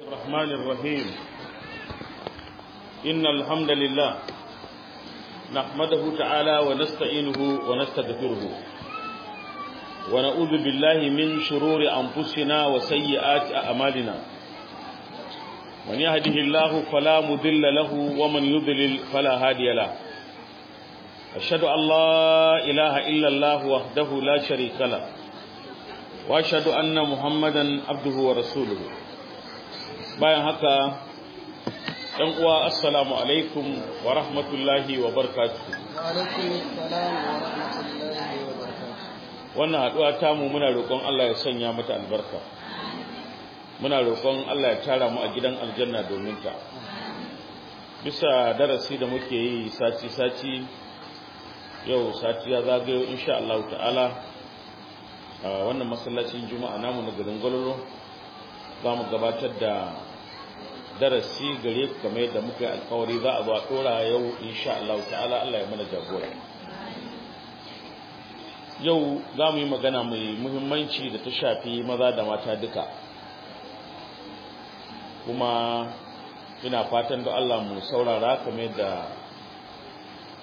الرحمن الرحيم إن الحمد لله نحمده تعالى ونستعينه ونستغفره ونعوذ بالله من شرور أنفسنا وسيئات أعمالنا من يهده الله فلا مضل له ومن يضلل فلا هادي له أشهد أن لا إله إلا الله وحده لا شريك له وأشهد أن محمدا عبده ورسوله bayan haka 'yan uwa assalamu alaikum wa rahmatullahi wa barkatu wannan haɗuwa tamu muna roƙon Allah ya sanya mata albarka muna roƙon Allah ya tara mu a gidan aljanna domin ta bisa darasi da muke yi sati-sati yau sati ya zagayo insha Allah ta'ala wannan masallacin juma'a namu na garin gwalolo za mu gabatar da darasi gare ku kamar yadda muka yi alkawari za a zuwa ɗora yau insha Allah ta'ala Allah ya mana jagora yau za mu yi magana mai muhimmanci da ta shafi maza da mata duka kuma ina fatan da Allah mu saurara kamar da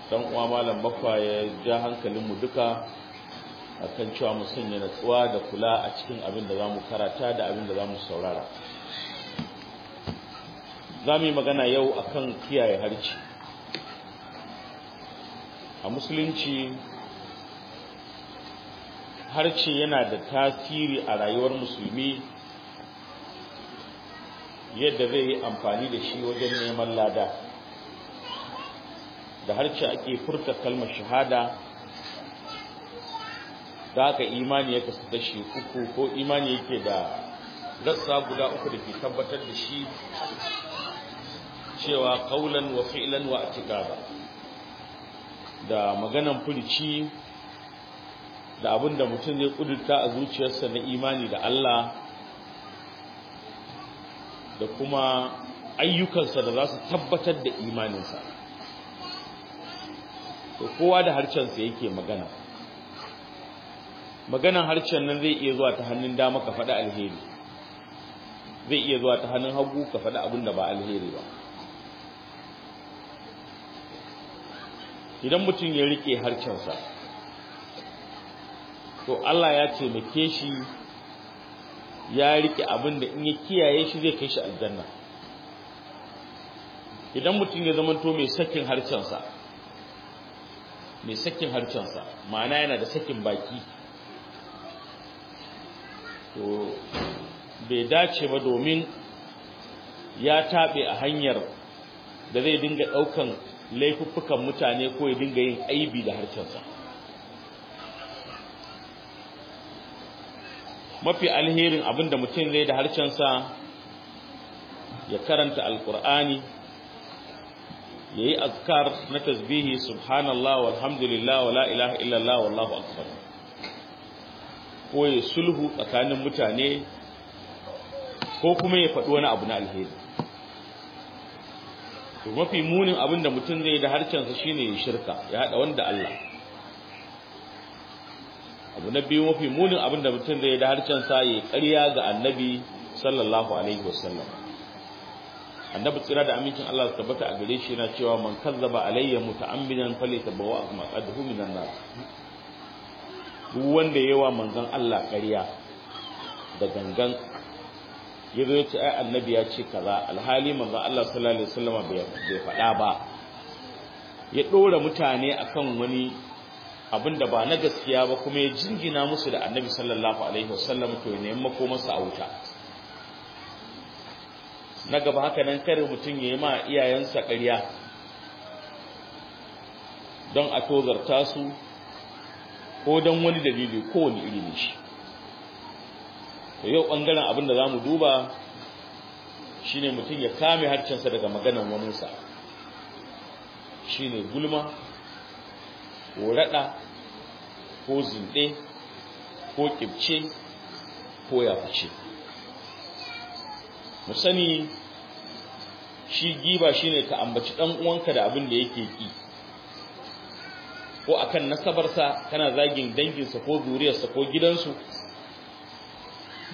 dan uwa malam bakwa ya ja hankalinmu duka akan cewa mu sanya natsuwa da kula a cikin abin da zamu karata da abin da zamu saurara zamu yi magana yau akan kiyaye harci a musulunci harci yana da tasiri a rayuwar musulmi yadda zai yi amfani da shi wajen neman lada da harci ake furta kalmar shahada da aka imani ya kasu da shi uku ko imani yake da rassa guda uku da ke tabbatar da shi cewa kaulan wa fi'lan wa atiqaba da maganan furici da abin da mutum zai kudurta a zuciyarsa na imani da Allah da kuma ayyukansa da za su tabbatar da imaninsa to kowa da harcensa yake magana maganan harcen nan zai iya zuwa ta hannun dama ka faɗi alheri zai iya zuwa ta hannun hagu ka faɗi abin da ba alheri ba idan mutum ya rike harcensa to Allah ya taimake shi ya rike abin da in ya kiyaye shi zai kai shi aljanna idan mutum ya zamanto mai sakin harcensa mai sakin harcensa ma'ana yana da sakin baki to bai dace ba domin ya tabe a hanyar da zai dinga daukan laifuffukan mutane ko ya dinga yin aibi da harcensa mafi alherin abinda mutum zai da harcensa ya karanta alkur'ani yayi azkar na tasbihi subhanallah walhamdulillah wala ilaha illallah wallahu akbar ko ya sulhu tsakanin mutane ko kuma ya faɗi wani abu na alheri to mafi munin abin da mutum zai da harcensa shine ya shirka ya haɗa wanda Allah abu na biyu mafi munin abin da mutum zai da harcensa ya ƙarya ga annabi sallallahu alaihi wasallam annabi tsira da amincin Allah ta tabbata a gare shi yana cewa man kazzaba alayya muta'ammidan falyatabawa qadhu minan nar duk wanda yawa manzan Allah ƙarya da gangan ya zo ce ai annabi ya ce kaza alhali manzan Allah sallallahu alaihi wasallam bai faɗa ba ya ɗora mutane akan wani abin da ba na gaskiya ba kuma ya jingina musu da annabi sallallahu alaihi wasallam to ne ko masa auta na gaba haka nan kare mutum ya yi ma iyayensa ƙarya don a tozarta su ko don wani dalili kowane iri ne shi to yau ɓangaren abin da za mu duba shi ne mutum ya kame harcensa daga maganan waninsa shi ne gulma ko raɗa ko zinɗe ko ƙibce ko yafice mu sani shi giba shi ne ka ambaci ɗan uwanka da abin da yake ƙi ko a akan nasabarsa kana zagin danginsa ko zuriyarsa ko gidansu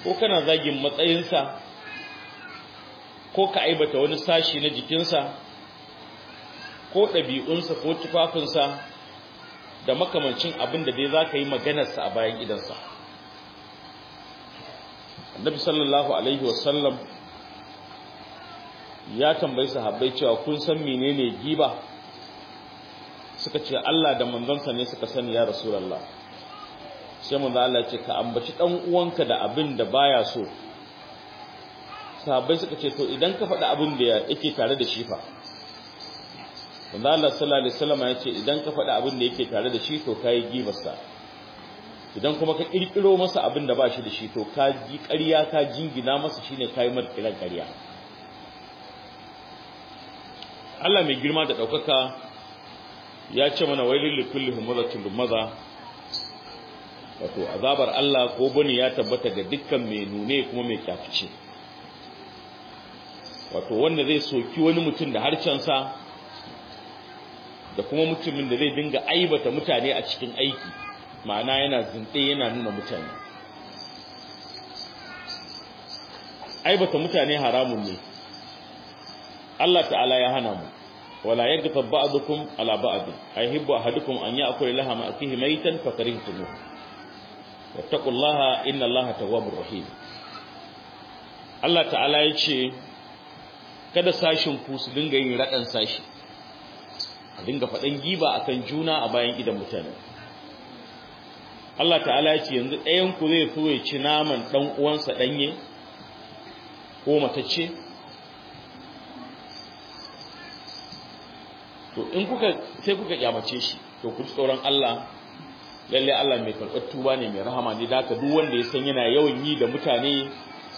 ko kana zagin matsayinsa ko ka aibata wani sashi na jikinsa ko ɗabi'unsa ko tufafinsa da makamancin abin da dai za ka yi maganarsa a bayan gidansa annabi sallallahu alaihi wasallam ya tambayi sahabbai cewa kun san menene giba suka ce Allah da manzansa ne suka sani ya rasulullah sai manzo Allah ce ka ambaci dan uwanka da abin da baya so sahabbai suka ce to idan ka faɗi abin da yake tare da shi fa manzo Allah sallallahu alaihi wasallam ya ce idan ka faɗi abin da yake tare da shi to kai gibarsa idan kuma ka kirkiro masa abin da ba shi da shi to ka ji ƙarya ka jingina masa shine kai mar kiran ƙarya Allah mai girma da ɗaukaka ya ce mana wailul likulli humazatin maza. wato azabar Allah ko bani ya tabbata ga dukkan mai nune kuma mai kyafice wato wanda zai soki wani mutum da harcensa da kuma mutumin da zai dinga aibata mutane a cikin aiki ma'ana yana zinɗe yana nuna mutane aibata mutane haramun ne Allah ta'ala ya hana mu wala yagtab ba'dukum a ba'd ayhibbu hadukun an ya'kula lahama akihi maytan fakarihtumu laha ta tawwabur rahim Allah ta'ala ya ce kada sashin ku su dinga yin raɗan sashi a dinga faɗin giba a kan juna a bayan idan mutane Allah ta'ala ya ce yanzu ɗayan ku zai so ci naman ɗan uwansa ɗanye, ko matacce to in kuka sai kuka kyamace shi to ku tsoron Allah lalle Allah mai karɓar tuba ne mai rahama ne da duk wanda ya san yana yawan yi da mutane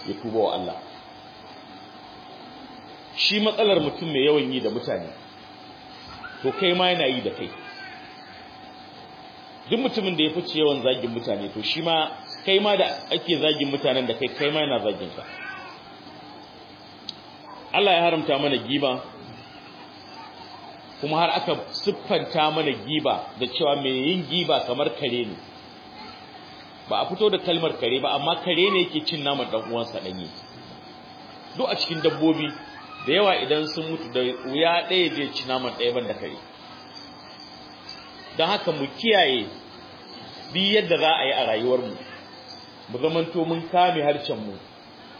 ya tuba wa Allah shi matsalar mutum mai yawan yi da mutane to kai ma yana yi da kai duk mutumin da ya fice yawan zagin mutane to shi ma kai ma da ake zagin mutanen da kai kai ma yana zagin ka Allah ya haramta mana giba kuma har aka siffanta mana giba da cewa mai yin giba kamar kare ne ba a fito da kalmar kare ba amma kare ne yake cin naman dan uwansa danye duk a cikin dabbobi da yawa idan sun mutu da wuya ɗaya zai ci naman ɗaya ban da kare don haka mu kiyaye bi yadda za a yi a rayuwarmu mu zamanto mun kame harshenmu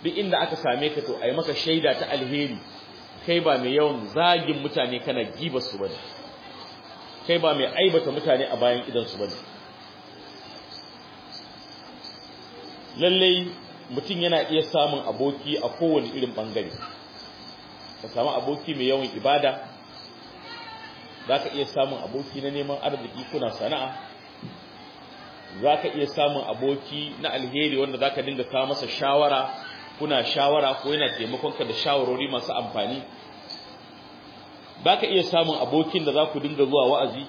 duk inda aka same ka to a yi maka shaida ta alheri kai ba mai yawan zagin mutane kana giba su bane kai ba mai aibata mutane a bayan idan su bane Lallai, mutum yana iya samun aboki a kowane irin bangare ka samu aboki mai yawan ibada zaka iya samun aboki na neman arziki kuna sana'a zaka iya samun aboki na alheri wanda zaka dinga kama masa shawara kuna shawara ko yana taimakon ka da shawarori masu amfani baka iya samun abokin da za ku dinga zuwa wa'azi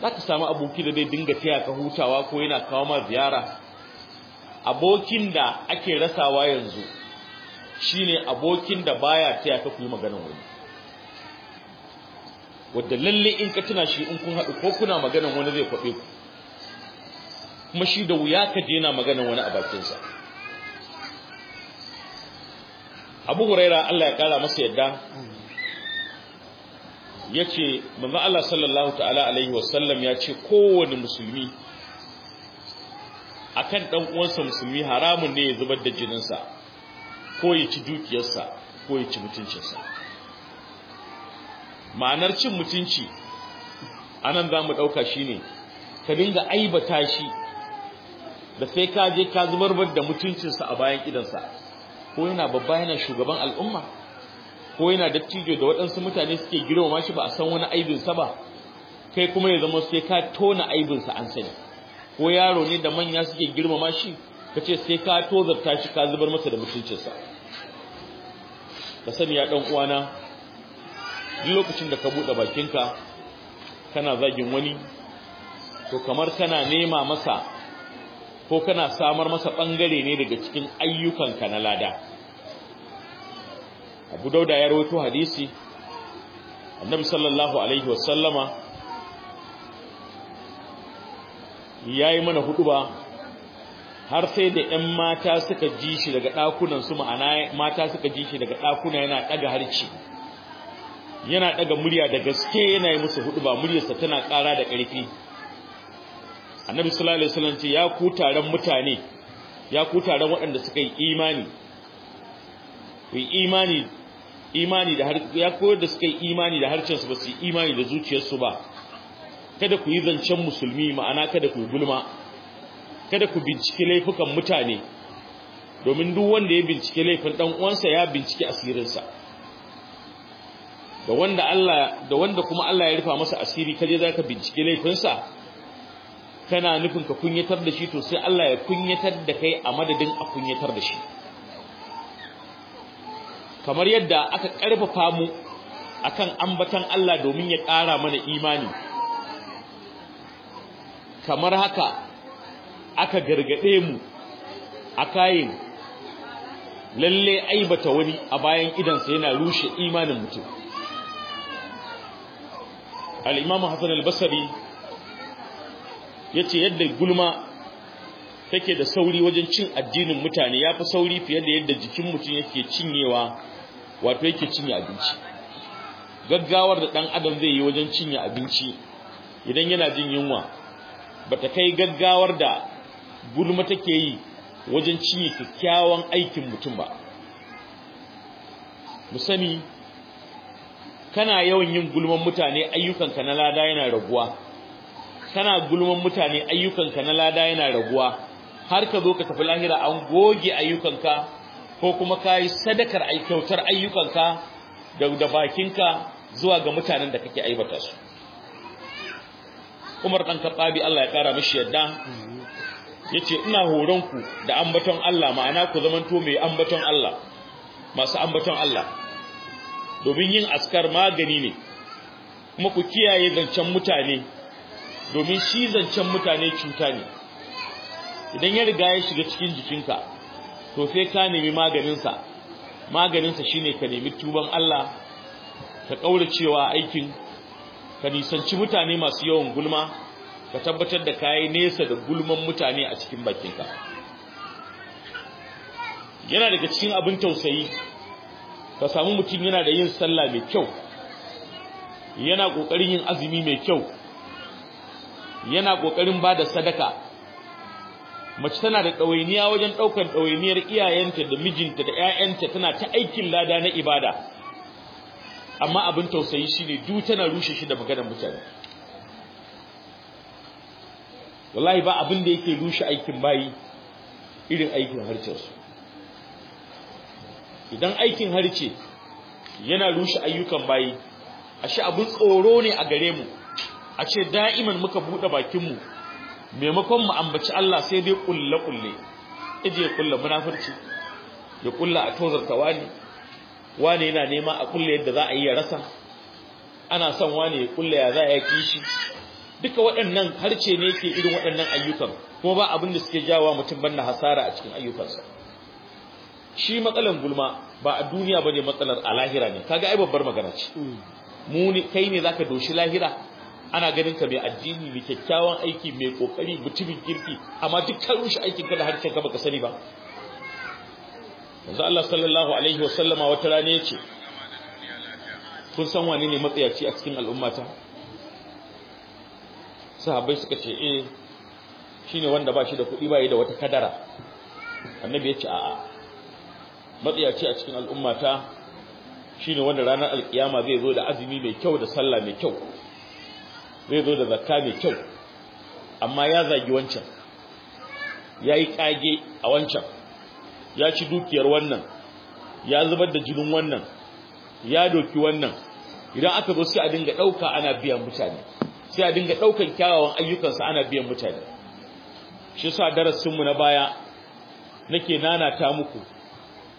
zaka samu aboki da zai dinga taya ka hutawa ko yana kawo ma ziyara abokin da ake rasawa yanzu shine abokin da baya taya ka ku yi maganar wani wadda lalle in ka tuna shi in kun haɗu ko kuna maganar wani zai kwaɓe ku kuma shi da wuya ka je na maganar wani a bakinsa abu huraira Allah ya kara masa yadda ya ce manzo Allah sallallahu ta'ala alaihi wasallam ya ce kowane musulmi akan kan uwansa musulmi haramun ne ya zubar da jininsa ko ya ci dukiyarsa ko ya ci mutuncinsa ma'anar cin mutunci anan ɗauka shi ne, ka dinga aibata shi da sai ka je ka zubar da mutuncinsa a bayan idansa ko yana babba yana shugaban al'umma ko yana dattijo da waɗansu mutane suke girmama shi ba a san wani aibinsa ba kai kuma ya zama sai ka tona aibinsa an sani ko yaro ne da manya suke girmama shi ka ce sai ka tozarta shi ka zubar masa da mutuncinsa ka sani ya ɗan uwana duk lokacin da ka buɗe bakinka kana zagin wani to kamar kana nema masa ko kana samar masa bangare ne daga cikin ayyukan ka na lada Abu Dauda ya rawaito hadisi Annabi sallallahu alaihi wasallama yayi mana huduba har sai da ƴan mata suka ji shi daga ɗakunan su ma'ana mata suka ji shi daga ɗakuna yana ɗaga harci yana ɗaga murya da gaske yana yi musu huduba muryarsa tana ƙara da ƙarfi annabi sallallahu alaihi wasallam ce ya ku taron mutane ya ku taron waɗanda suka yi imani ku imani imani da har ya koyar da suka yi imani da harcin su ba su imani da zuciyarsu ba kada ku yi zancen musulmi ma'ana kada ku gulma kada ku bincike laifukan mutane domin duk wanda ya bincike laifin dan uwansa ya bincike asirinsa da wanda Allah da wanda kuma Allah ya rufa masa asiri kaje zaka bincike laifinsa kana nufin ka kunyatar da shi to sai Allah ya kunyatar da kai a madadin a kunyatar da shi kamar yadda aka karfafa mu akan ambatan Allah domin ya ƙara mana imani kamar haka aka gargade mu a kayin lalle aibata wani a bayan idansa yana rushe imanin mutum al-imamu hasan al-basri Ya ce yadda gulma take da sauri wajen cin addinin mutane ya fi sauri fiye da yadda jikin mutum yake cinyewa wato yake cinye abinci gaggawar da ɗan adam zai yi wajen cinye abinci idan yana jin yunwa bata kai gaggawar da gulma take yi wajen cinye kyakkyawan aikin mutum ba musani kana yawan yin gulman mutane ayyukanka na lada yana raguwa kana gulman mutane ayyukanka na lada yana raguwa har ka zo ka tafi lahira an goge ayyukanka ko kuma kai sadakar ai kyautar ayyukanka da da bakinka zuwa ga mutanen da kake aibata su Umar dan Kabbabi Allah ya kara mishi yadda yace ina horon ku da ambaton Allah ma'ana ku zamanto mai ambaton Allah masu ambaton Allah domin yin askar magani ne kuma ku kiyaye zancen mutane domin shi zancen mutane cuta ne idan ya riga ya shiga cikin jikinka to sai ka nemi maganinsa maganinsa shi ne ka nemi tuban Allah ka ƙaura cewa aikin ka nisanci mutane masu yawan gulma ka tabbatar da kayi nesa da gulman mutane a cikin bakinka yana daga cikin abin tausayi ka samu mutum yana da yin sallah mai kyau yana ƙoƙarin yin azumi mai kyau yana kokarin bada sadaka mace tana da dawainiya wajen daukar dawainiyar iyayenta da mijinta da ƴaƴanta tana ta aikin lada na ibada amma abin tausayi shine du tana rushe shi da maganar mutane wallahi ba abin da yake rushe aikin bayi irin aikin harcensu idan aikin harce yana rushe ayyukan bayi ashe abin tsoro ne a gare mu a ce da'iman muka buɗe bakinmu maimakon mu ambaci Allah sai dai kulle-kulle ije ya kulle munafurci ya kulle a tozarta wani wani yana nema a kulle yadda za a yi rasa ana son wani ya kulle ya za ya kishi duka waɗannan harce ne ke irin waɗannan ayyukan kuma ba abin da suke jawo mutum banna hasara a cikin ayyukansa shi matsalan gulma ba a duniya bane matsalar a lahira ne kaga ai babbar magana ce mm. mu ne kai ne zaka doshi lahira ana ganin ka mai addini mai kyakkyawan aiki mai kokari mutumin kirki amma duk ka rushe aikin ka da harshen ka baka sani ba yanzu Allah sallallahu alaihi wa sallama wata rana yace kun san wani ne matsayaci a cikin al'ummata sahabbai suka ce eh shine wanda ba shi da kuɗi ba yi da wata kadara annabi yace a'a matsayaci a cikin al'ummata shine wanda ranar alkiyama zai zo da azumi mai kyau da sallah mai kyau zai zo da zakka mai kyau amma ya zagi wancan ya yi kage a wancan ya ci dukiyar wannan ya zubar da jinin wannan ya doki wannan idan aka zo sai a dinga ɗauka ana biyan mutane sai a dinga ɗaukan kyawawan ayyukansa ana biyan mutane shi sa darasinmu na baya nake nanata muku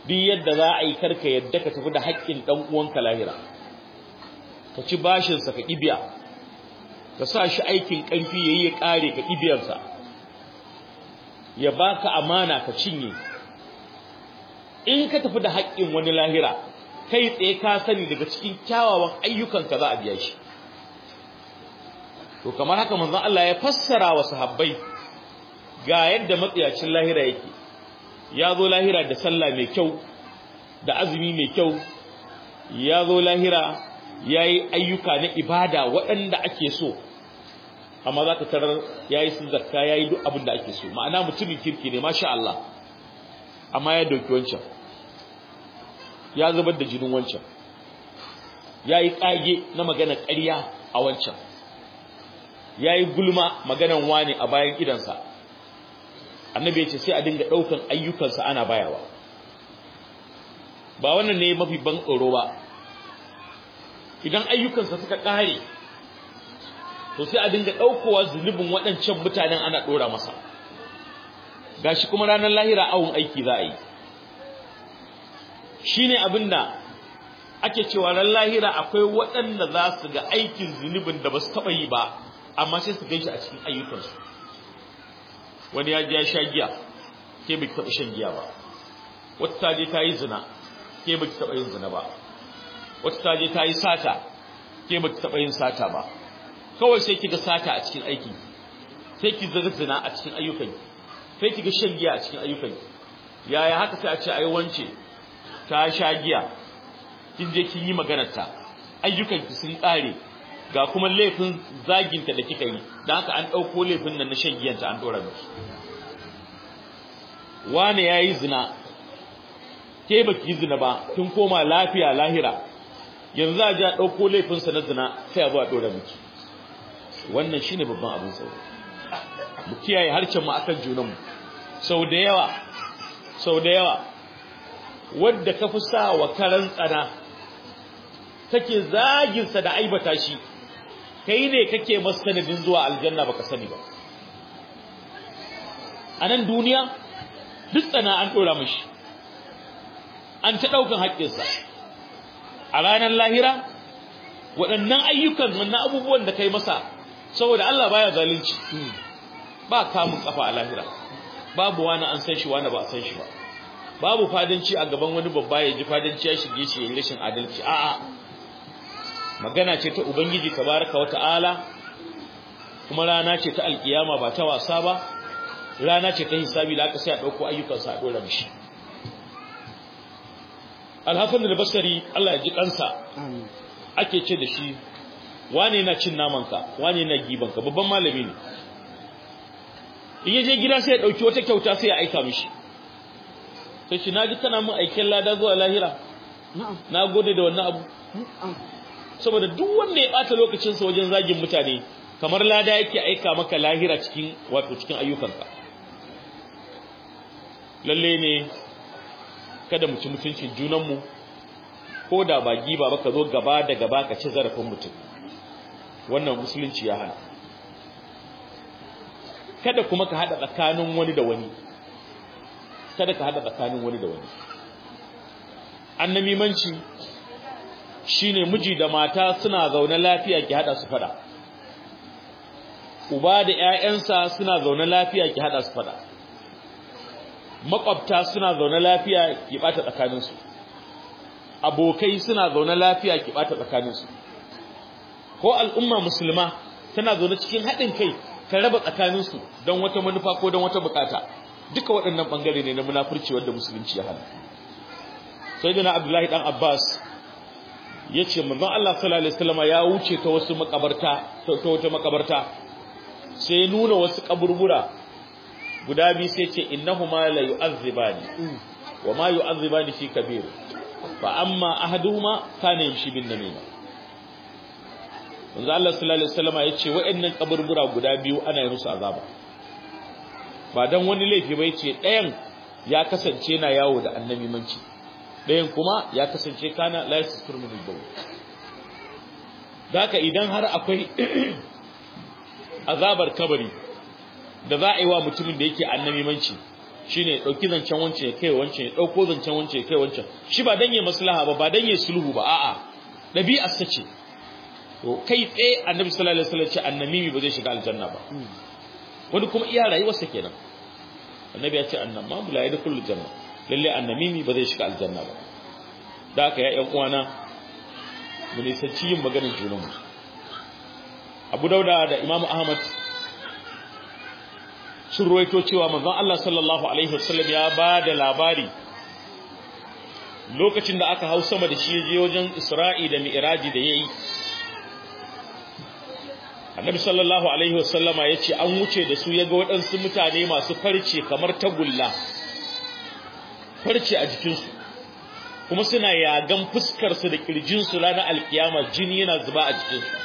duk yadda za a yi karka yadda ka tafi da haƙƙin ɗan uwanka lahira ka ci bashinsa ka ƙibiya ka sa shi aikin ƙarfi yayi ya ƙare ka ibiyarsa ya ka amana ka cinye in ka tafi da haƙƙin wani lahira kai tsaye ka sani daga cikin kyawawan ayyukan ka za a biya shi to kamar haka manzon Allah ya fassara wa sahabbai ga yadda matsiyacin lahira yake ya zo lahira da sallah mai kyau da azumi mai kyau ya zo lahira ya yi ayyuka na ibada waɗanda ake so amma za ka tarar ya yi sun zakka ya yi duk abin da ake so ma'ana mutumin kirki ne masha Allah amma ya dauki wancan ya zubar da jinin wancan ya yi ƙage na magana ƙarya a wancan ya yi gulma maganan Wani a bayan idansa annabi ya ce sai a dinga ɗaukan ayyukansa ana bayawa ba wannan ne mafi ban tsoro ba idan ayyukansa suka ƙare to sai a dinga daukowa zulubin waɗancan mutanen ana dora masa gashi kuma ranar lahira awun aiki za a yi shine abinda ake cewa ran lahira akwai waɗanda za su ga aikin zunubin da basu su taɓa yi ba amma sai su gaishe a cikin ayyukansu wani ya ya sha giya ke bai taɓa shan giya ba wata ta je ta yi zina ke bai taɓa yin zina ba wata ta je ta yi sata ke bai taɓa yin sata ba kawai sai kiga sata a cikin aiki sai ki zazzana a cikin ayyukan sai kiga shan giya a cikin ayyukan yaya haka sai a ce ai wance ta sha giya kin je kin yi maganar ta ayyukan ki sun kare ga kuma laifin zaginta da kika yi dan haka an dauko laifin nan na shan giyan ta an dora miki wane yayi zina ke baki zina ba kin koma lafiya lahira yanzu a ji a ɗauko laifinsa na zina sai a zo a ɗora miki wannan shine babban abin tsoro mu kiyaye harcen mu akan junanmu sau da yawa sau da yawa wanda ka fi sa wa karan tsana take zagin sa da aibata shi kai ne kake masa zuwa aljanna baka sani ba a nan duniya duk tsana an dora mishi an ta daukan haƙƙinsa a ranar lahira waɗannan ayyukan wannan abubuwan da kai masa saboda Allah baya zalunci ba kamun kafa a lahira babu wani an san shi wani ba a san shi ba babu fadanci a gaban wani babba ya ji fadanci ya shige shi yin rashin adalci a'a magana ce ta ubangiji tabaraka wa ta'ala kuma rana ce ta alkiyama ba ta wasa ba rana ce ta hisabi da aka sai a dauko ayyukan sa a dora mishi al da Allah ya ji kansa ake ce da shi wane na cin namanka wane na gibanka babban malami ne in yaje gida sai ya dauki wata kyauta sai ya aika mishi sai shi naji kana mun aikin lada zuwa lahira na gode da wannan abu saboda duk wanda ya bata lokacin sa wajen zagin mutane kamar lada yake aika maka lahira cikin wato cikin ayyukanka lalle ne kada mu ci mutuncin junanmu ko da ba giba ba ka zo gaba da gaba ka ci zarafin mutum wannan musulunci ya hana kada kuma ka hada tsakanin wani da wani kada ka hada tsakanin wani da wani annabimanci shine miji da mata suna zaune lafiya ki hada su fada uba da ƴaƴansa suna zaune lafiya ki hada su fada makwabta suna zaune lafiya ki bata tsakaninsu abokai suna zaune lafiya ki bata tsakaninsu ko al'umma musulma tana zaune cikin haɗin kai ta raba tsakanin su don wata manufa ko don wata bukata duka waɗannan ɓangare ne na munafurci wanda musulunci ya hana sai na abdullahi dan abbas ya ce manzon allah sallallahu alaihi wasallam ya wuce ta wasu makabarta ta wata makabarta sai nuna wasu kaburbura guda biyu sai ce innahuma la yu'azzibani wa ma yu'azzibani fi kabir fa amma ahaduhuma kana yamshi bin namima manzo Allah sallallahu alaihi wasallam ya ce waɗannan kaburbura guda biyu ana yi musu azaba ba dan wani laifi ba yace ɗayan ya kasance na yawo da annabi manci ɗayan kuma ya kasance kana la yastur min al-bawl daka idan har akwai azabar kabari da za a yi wa mutumin da yake annabi manci shine dauki zancen wance ya kai wance ya dauko zancen wance ya kai wancan shi ba dan yayi maslaha ba ba dan yi sulhu ba a'a dabi'ar sace to kai tsaye annabi sallallahu alaihi wasallam ce annamimi ba zai shiga aljanna ba wani kuma iya rayuwarsa kenan annabi ya ce annama la yadkhulul janna lalle annamimi ba zai shiga aljanna ba da haka ya ƴan uwana mu nisanci yin maganar mu. Abu Dauda da Imam Ahmad sun ruwaito cewa manzon Allah sallallahu alaihi wasallam ya ba da labari lokacin da aka hau sama da shi je wajen Isra'i da Mi'raji da yayi annabi sallallahu alaihi wasallama ya ce an wuce da su yaga waɗansu mutane masu farce kamar tagulla farce a jikinsu kuma suna yagan fuskarsu da ƙirjinsu ranar alkiyama jini yana zuba a jikinsu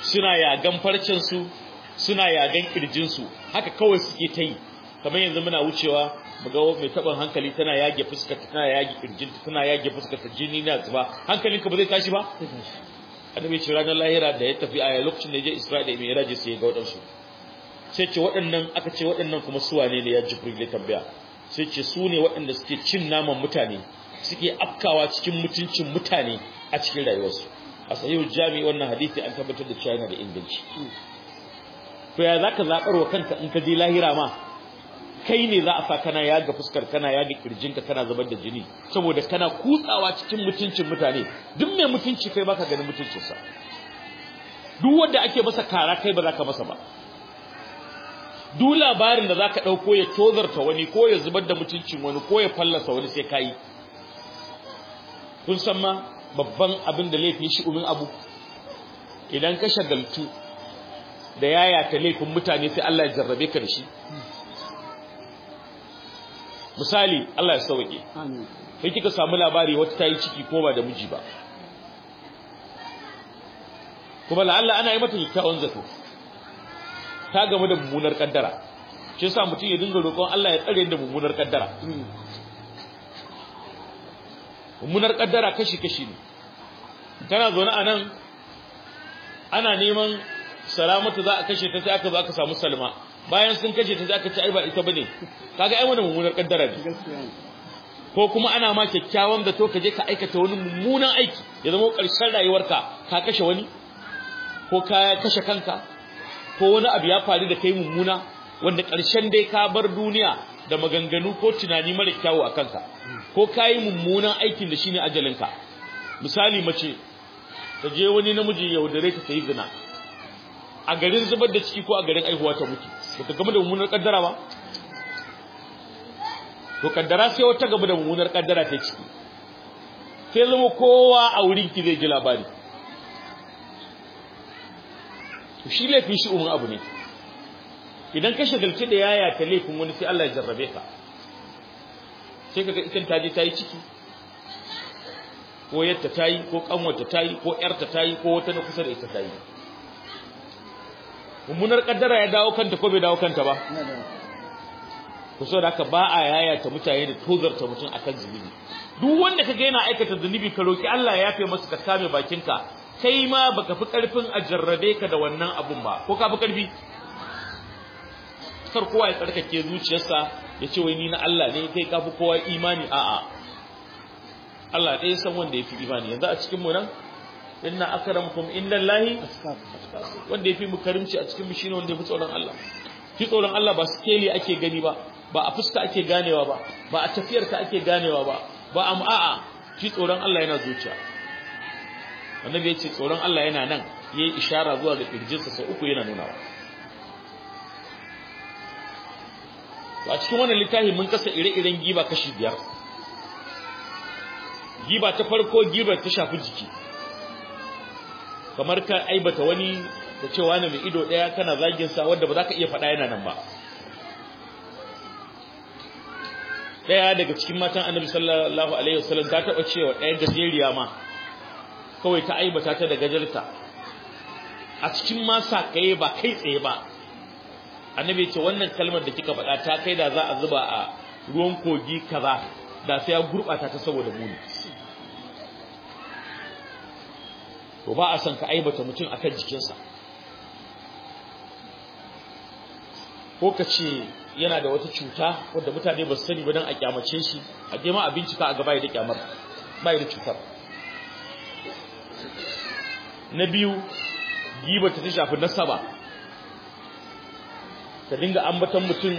suna yagan farcensu suna yagan ƙirjinsu haka kawai suke ta yi kamar yanzu muna wucewa mu ga mai taɓin hankali tana yage fuskar tana yage kirjin tana yage fuskar jini na zuba hankalinka ba zai tashi ba annabi ce ranar lahira da ya tafi a lokacin da ya je Isra'ila da raji sai ya ga wadansu sai ce waɗannan aka ce waɗannan kuma su wane ne ya Jibril ya tambaya sai ce su ne waɗanda suke cin naman mutane suke afkawa cikin mutuncin mutane a cikin rayuwarsu a sahihu jami wannan hadisi an tabbatar da cewa yana da inganci to ya zaka zabar wa kanka in ka je lahira ma kai ne za a sa kana yaga fuskar kana yaga kirjinka kana zubar da jini saboda kana kutsawa cikin mutuncin mutane duk mai mutunci kai baka ganin mutuncinsa duk wanda ake masa kara kai ba za ka masa ba duk labarin da za ka ɗauko ya tozarta wani ko ya zubar da mutuncin wani ko ya fallasa wani sai ka kun san ma babban abin da laifin shi umin abu idan ka shagaltu da yaya yayata laifin mutane sai Allah ya jarrabe ka da shi misali Allah ya sauke amin sai kika samu labari wata ta yi ciki ko ba da miji ba kuma la'alla ana yi mata kyakkyawan zato ta gamu da mummunar kaddara shi yasa mutum ya dinga roƙon Allah ya tsare da mummunar kaddara hmm. mummunar kaddara kashi kashi ne tana zaune a nan ana neman salamatu za a kashe ta sai aka zo aka samu salma bayan sun kashe ta zaka ci ai ba ita bane kaga ai wannan mummunar kaddara ne ko kuma ana ma kyakkyawan da to ka je ka aikata wani mummunan aiki ya zama karshen rayuwarka ka kashe wani ko ka kashe kanka ko wani abu ya faru da kai mummuna wanda karshen dai ka bar duniya da maganganu ko tunani mara kyawu a kanka ko ka mummunan aikin da shine ajalinka misali mace ta je wani namiji yaudare ta ta zina a garin zubar da ciki ko a garin aihuwa ta mutu ba gama da mummunar kaddara ba to kaddara sai wata gaba da mummunar kaddara ta ciki sai zama kowa a wurin ki zai ji labari shi laifin shi umar abu ne idan ka shagalci da yaya ta laifin wani sai Allah ya jarrabe ka sai ga ita ta je ta yi ciki ko yadda ta yi ko kanwarta ta yi ko yarta ta yi ko wata na kusa da ita ta yi mummunar kaddara ya dawo kanta ko bai dawo kanta ba ku so da haka ba a ta mutane da tozarta mutum akan zunubi duk wanda kaga yana aikata zunubi ka roki Allah ya yafe masa ka kame bakinka kai ma baka fi karfin a jarrabe ka da wannan abun ba ko ka fi karfi kar kowa ya tsarkake zuciyarsa ya ce wai ni na Allah ne kai ka fi kowa imani a'a Allah ɗaya san wanda ya fi imani yanzu a cikin mu nan inna akramakum indallahi wanda yafi mukarimci a cikin mu shine wanda yafi tsoron Allah fi tsoron Allah ba skeli ake gani ba ba a fuska ake ganewa ba ba a tafiyar ka ake ganewa ba ba am a'a fi tsoron Allah yana zuciya annabi yace tsoron Allah yana nan yayi ishara zuwa ga kirjinsa sau uku yana nunawa a cikin wannan littafi mun kasa ire-iren giba kashi biyar giba ta farko giba ta shafi jiki kamar ka aibata wani da cewa ne mai ido ɗaya kana zagin sa wanda ba za ka iya faɗa yana nan ba Ɗaya daga cikin matan annabi sallallahu alaihi wasallam ta taɓa cewa daya gajeriya ma kawai ta aibata ta da gajarta a cikin ma kai ba kai tsaye ba annabi ce wannan kalmar da kika faɗa ta kai da za a zuba a ruwan kogi kaza da sai ya gurɓata ta saboda muni to ba a san ka aibata mutum akan jikinsa ko ka ce yana da wata cuta wadda mutane ba su sani ba don a kyamace shi a je ma a bincika a gaba da kyamar ba da cutar na biyu giba ta shafi nasaba ta dinga ambatar mutum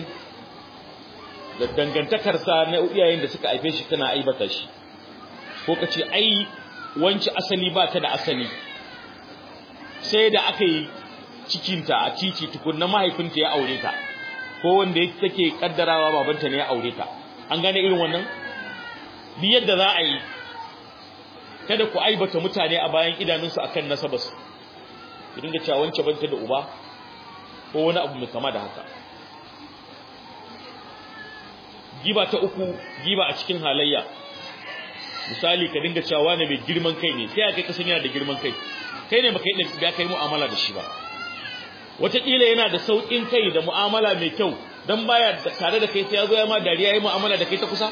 da dangantakarsa na iyayen da suka haife shi tana aibata shi ko ka ce ai wanci asali ba ta da asali sai da aka yi cikinta a titi na mahaifinta ya aure ta ko wanda take kaddarawa babanta ne ya aure ta an gane irin wannan bi yadda za a yi kada ku aibata mutane a bayan idanunsu akan nasabarsu ku dinga cewa wance banta da uba ko wani abu mai kama da haka giba ta uku giba a cikin halayya misali ka dinga cewa wani mai girman kai ne sai kai ka yana da girman kai kai ne baka yi ba kai mu'amala da shi ba wataƙila yana da saukin kai da mu'amala mai kyau dan baya tare da kai sai ya zo ya ma dariya ya mu'amala da kai ta kusa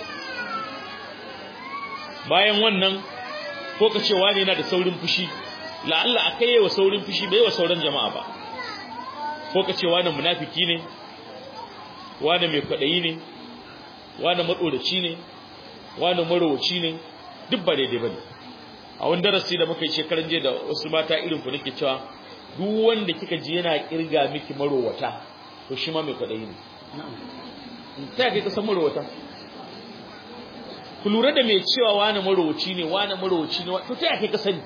bayan wannan ko ka ce wani yana da saurin fushi la'alla a kai wa saurin fushi bai wa sauran jama'a ba ko ka ce wani munafiki ne wani mai kwaɗayi ne wani matsoraci ne wani marowaci ne duk ba daidai bane a wani darasi da muka yi shekaran jiya da wasu mata irin ku nake cewa duk wanda kika ji yana kirga miki marowata to shi ma mai kwadayi ne ta kai ka san marowata ku lura da mai cewa wani marowaci ne wani marowaci ne to ta kai ka sani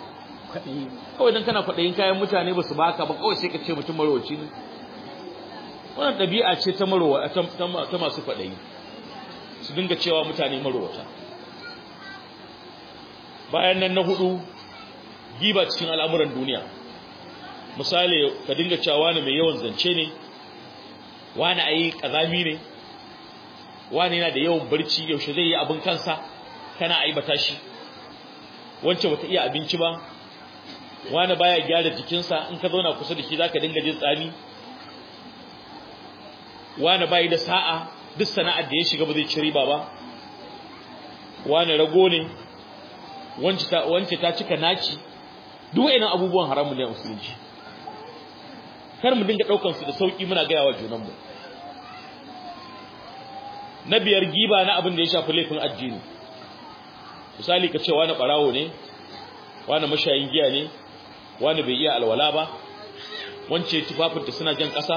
kawai dan kana kwadayin kayan mutane ba su baka ba kawai sai ka ce mutum marowaci ne wannan ɗabi'a ce ta marowa ta masu kwaɗayi su dinga cewa mutane marowata bayan nan na hudu giba cikin al'amuran duniya misali ka dinga cewa wani mai yawan zance ne wani ayi kazami ne wani yana da yawan barci yaushe zai yi abin kansa kana aibata shi wance bata iya abinci ba wani baya gyara jikinsa in ka zauna kusa da shi ka dinga jin tsami wani bayi da sa'a duk sana'ar da ya shiga ba zai ci riba ba wani rago ne wance ta cika naci duk wayannan abubuwan haramun ne musulunci kar mu dinga daukan su da sauki muna ga yawa junan mu na biyar giba na abin da ya shafi laifin addini misali ka ce wani barawo ne wani mashayin giya ne wani bai iya alwala ba wance tufafin tufafinta suna jan ƙasa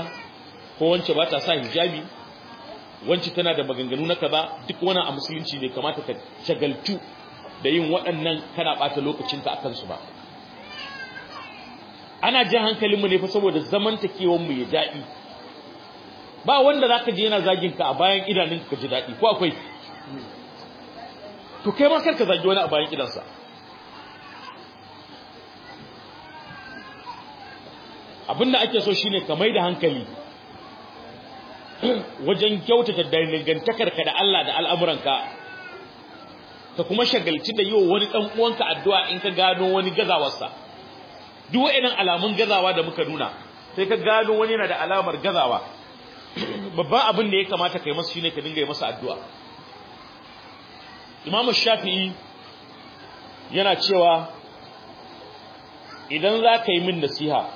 ko wance ba ta sa hijabi wance tana da maganganu na kaza duk wani a musulunci ne kamata ka shagaltu da yin waɗannan kana ɓata lokacinta a kansu ba ana jan hankalinmu ne fa saboda mu ya daɗi ba wanda za ka je yana zaginka a bayan idanunka ka ji daɗi ko akwai to kai ma kar ka zagi wani a bayan idansa abin da ake so shine ka mai da hankali wajen kyautata dangantakarka da Allah da al'amuranka ka kuma shagalci da wa wani ɗan'uwanka uwanka addu'a in ka gano wani gazawarsa duk waɗannan alamun gazawa da muka nuna sai ka gano wani yana da alamar gazawa babban abin da ya kamata kai shi shine ka dinga yi masa addu'a Imam Shafi'i yana cewa idan za ka yi min nasiha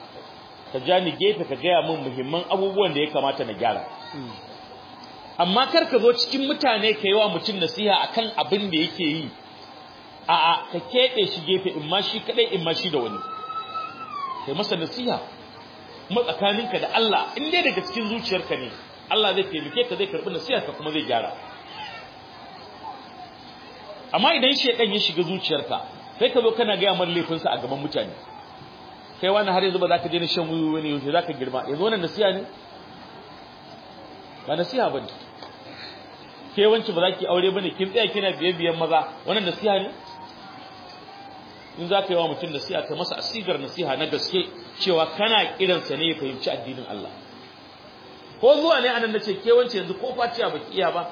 ka ja ni gefe ka gaya min muhimman abubuwan da ya kamata na gyara hmm. amma kar ka zo cikin mutane ka yi wa mutum nasiha akan abin da yake yi a'a ka keɓe shi gefe in ma shi kaɗai in ma shi da wani kai masa nasiha kuma tsakaninka da Allah in dai daga cikin zuciyarka ne Allah zai taimake ka zai karɓi nasiha ka kuma zai gyara amma idan shi ya shiga zuciyarka sai ka zo kana gaya yamar laifinsa a gaban mutane kai wani har yanzu ba za ka je na shan wuyu wani yanzu za ka girma yanzu wannan nasiha ne ba nasiha ba ne. ke wanci ba za ki aure bane kin tsaya kina biye biyan maza wannan nasiha ne in za ka yi wa mutum nasiha ka masa asigar nasiha na gaske cewa kana sa ne ya fahimci addinin Allah ko zuwa ne anan nace ke wanci yanzu ko fatiya baki iya ba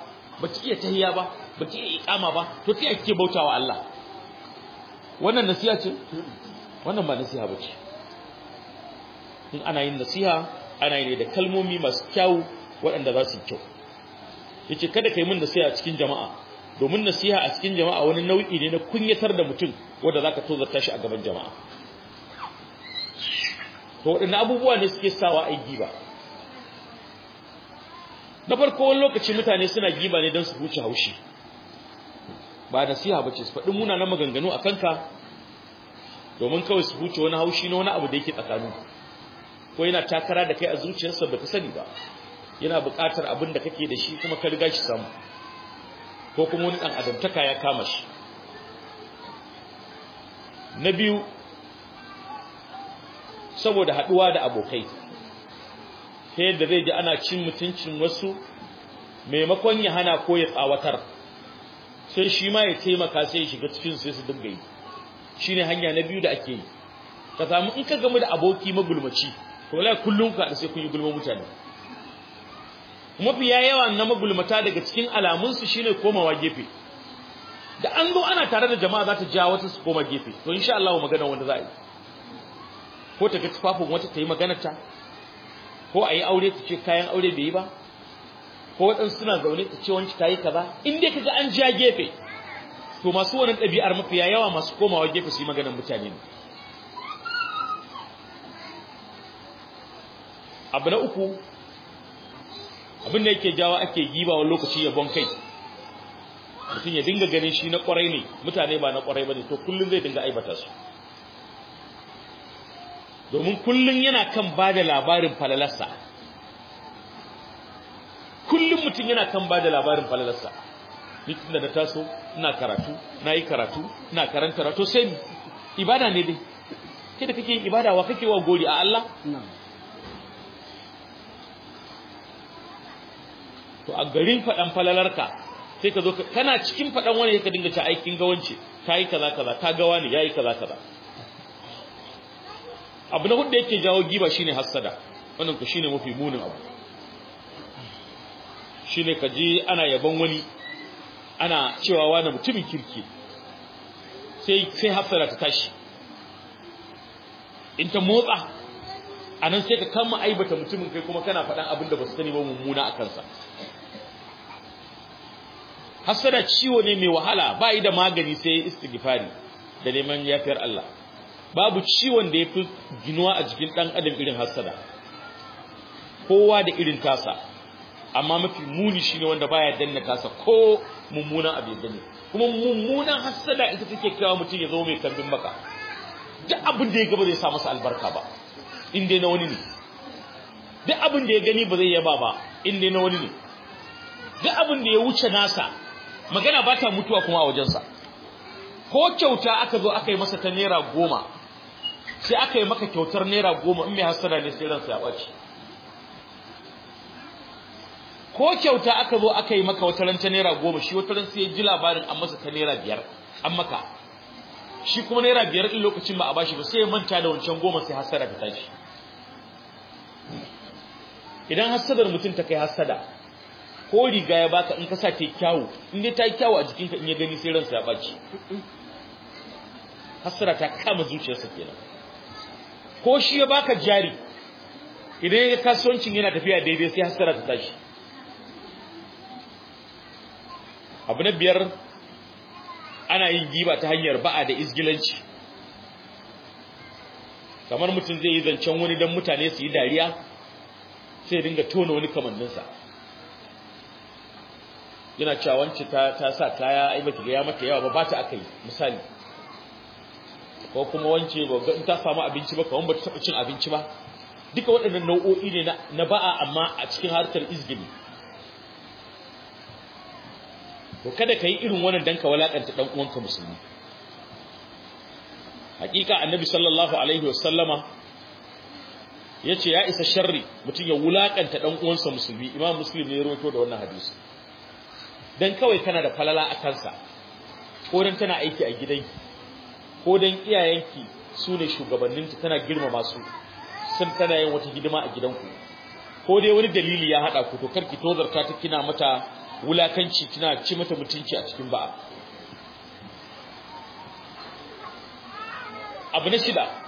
baki iya tahiya ba baki iya iqama ba to kai kike bautawa Allah wannan nasiha ce wannan ba nasiha bace in ana yin nasiha ana yi ne da kalmomi masu kyau waɗanda za su yi kyau yace kada kai mun nasiha a cikin jama'a domin nasiha a cikin jama'a wani nau'i ne na kunyatar da mutum wanda zaka ta shi a gaban jama'a to wadannan abubuwa ne suke sawa ai giba na farko wani lokaci mutane suna giba ne don su huce haushi ba nasiha bace su muna na maganganu a kanka domin kawai su huce wani haushi na wani abu da yake tsakanin ko yana takara da kai a zuciyarsa ba ta sani ba yana buƙatar abin da kake da shi kuma ka riga shi samu ko kuma wani ɗan adamtaka ya kama shi na biyu saboda haɗuwa da abokai ta yadda zai ji ana cin mutuncin wasu maimakon ya hana ko ya tsawatar sai shi ma ya taimaka sai ya shiga cikin sai su dinga yi shine hanya na biyu da ake yi ka samu in ka gamu da aboki magulmaci to la kullum ka sai kun yi gulma mutane mafiya yawa na magulmata daga cikin alamunsu shine komawa gefe da an zo ana tare da jama'a za ta ja wata su koma gefe to insha Allah magana wanda za a yi ko ta ga tufafin wata ta yi maganarta ko a yi aure ta ce kayan aure bai yi ba ko waɗansu suna zaune ta ce wanci ta yi kaza in dai kaga an ja gefe to masu wannan ɗabi'ar mafiya yawa masu komawa gefe su yi maganar mutane ne abu na uku abin da yake jawo ake giba wani lokaci yabon kai mutum ya dinga ganin shi na kwarai ne mutane ba na kwarai ba ne to kullum zai dinga aibata su domin kullum yana kan ba da labarin falalarsa kullum mutum yana kan ba da labarin falalarsa Mutum da na taso ina karatu na yi karatu ina karanta to sai ibada ne dai kai da kake ibada wa kake wa gori a Allah to a garin faɗan falalarka sai ka zo kana cikin faɗan wani ka dinga ta aikin gawance ta yi kaza kaza ta gawa wani ya yi kaza kaza abu na hudu yake jawo giba shine hassada wannan ku shine mafi munin abu shine ka ji ana yaban wani ana cewa wani mutumin kirki sai sai hasada ta tashi in ta motsa a nan sai ka kama aibata mutumin kai kuma kana faɗan abin da ba su sani ba mummuna a kansa hasada ciwo ne mai wahala ba yi da magani sai istighfari da neman yafiyar Allah babu ciwon da ya fi ginuwa a jikin ɗan adam irin hasada kowa da irin tasa amma mafi muni shine wanda baya danna tasa ko mummunan abin da ne kuma mummunan hasada ita take kawo mutum ya zama mai kambin maka duk abin da ya gaba zai sa masa albarka ba in dai na wani ne duk abin da ya gani ba zai yaba ba in dai na wani ne duk abin da ya wuce nasa magana ba ta mutuwa kuma a wajensa ko kyauta aka zo aka yi masa ta naira goma sai aka yi maka kyautar naira goma in mai hasara ne sai ransa ya ɓaci ko kyauta aka zo aka yi maka wata ran ta naira goma shi wata ran sai ya ji labarin an masa ta naira biyar an maka shi kuma naira biyar ɗin lokacin ba a bashi ba sai ya manta da wancan goma sai hasara ta tashi idan hasadar mutum ta kai hasada ko riga ya baka in ka sa ta kyawu in dai ta kyawu a jikinka in ya gani sai ransa ya baci hasara ta kama zuciyarsa kenan ko shi ya baka jari idan ya kasuwancin yana tafiya daidai sai hasara ta tashi abu na biyar ana yin giba ta hanyar ba'a da izgilanci kamar mutum zai yi zancen wani don mutane su yi dariya sai dinga tona wani kamanninsa yana cewa wance ta sa kaya ai baki ga gaya mata yawa ba ba ta yi, misali ko kuma wance ba in ta samu abinci ba kawon ba ta taba cin abinci ba duka waɗannan nau'o'i ne na ba'a amma a cikin harkar izgini Ko kada ka yi irin wannan don ka walakanta dan uwanka musulmi hakika annabi sallallahu alaihi wasallama Ya ce ya isa sharri mutum ya wulakanta dan uwansa musulmi imam muslim ne ya rawaito da wannan hadisi dan kawai kana da falala a kansa ko dan tana aiki a gidanki ko dan iyayenki su ne shugabanninta tana girmama su sun tana yin wata hidima a gidanku ko dai wani dalili ya hada ku to karki tozarta ta kina mata wulakanci kina ci mata mutunci a cikin ba'a abu na shida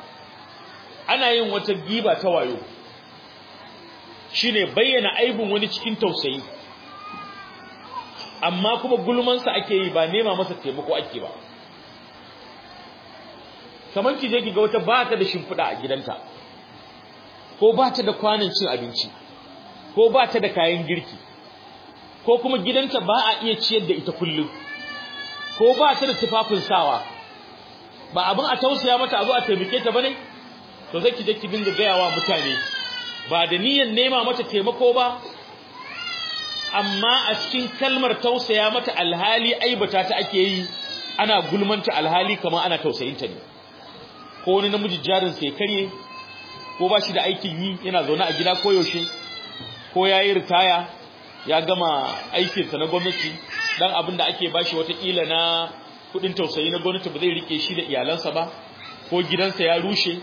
ana yin wata giba ta wayo shine bayyana aibin wani cikin tausayi amma kuma gulman sa ake yi ba nema masa taimako ake ba kamar ki je ki ga wata bata da shimfiɗa a gidanta ko bata da kwanan cin abinci ko bata da kayan girki ko kuma gidanta ba a iya ciyar da ita kullum ko bata da tufafin sawa ba abin a tausaya mata a zo a taimake ta bane to zaki je ki dinga gaya wa mutane ba da niyyar nema mata taimako ba amma a cikin kalmar tausaya mata alhali aibata ta ake yi ana gulmanta alhali kamar ana tausayinta ne ko wani namiji jarin sai karye ko ba shi da aikin yi yana zaune a gida ko yaushe ko yayi ritaya ya gama aikinsa na gwamnati dan abin da ake bashi watakila na kudin tausayi na gwamnati ba zai rike shi da iyalansa ba ko gidansa ya rushe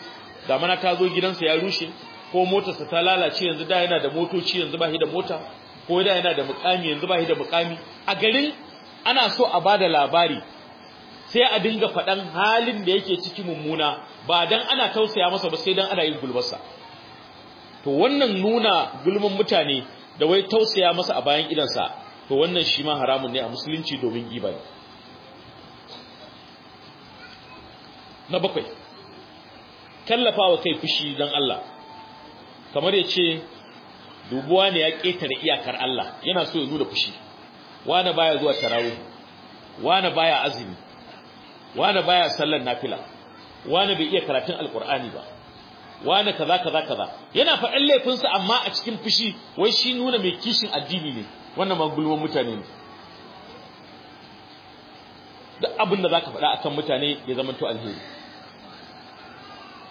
damana ta zo gidansa ya rushe ko motarsa ta lalace yanzu da yana da motoci yanzu ba shi da mota ko da yana da mukami yanzu ba shi da mukami a garin ana so a bada labari sai a dinga faɗan halin da yake ciki mummuna ba dan ana tausaya masa ba sai dan ana yin gulbarsa to wannan nuna gulman mutane da wai tausaya masa a bayan idansa to wannan shi ma haramun ne a musulunci domin giba ne na bakwai wa kai fushi don Allah kamar yace dubuwa ne ya ƙetare iyakar Allah yana so ya nuna fushi wane baya zuwa tarawih wane baya azumi wane baya sallar nafila wane bai iya karatun alkur'ani ba wane kaza kaza kaza yana faɗan laifinsa amma a cikin fushi wai shi nuna mai kishin addini ne wannan ma mutane ne duk abin da zaka faɗa akan mutane ya zama to alheri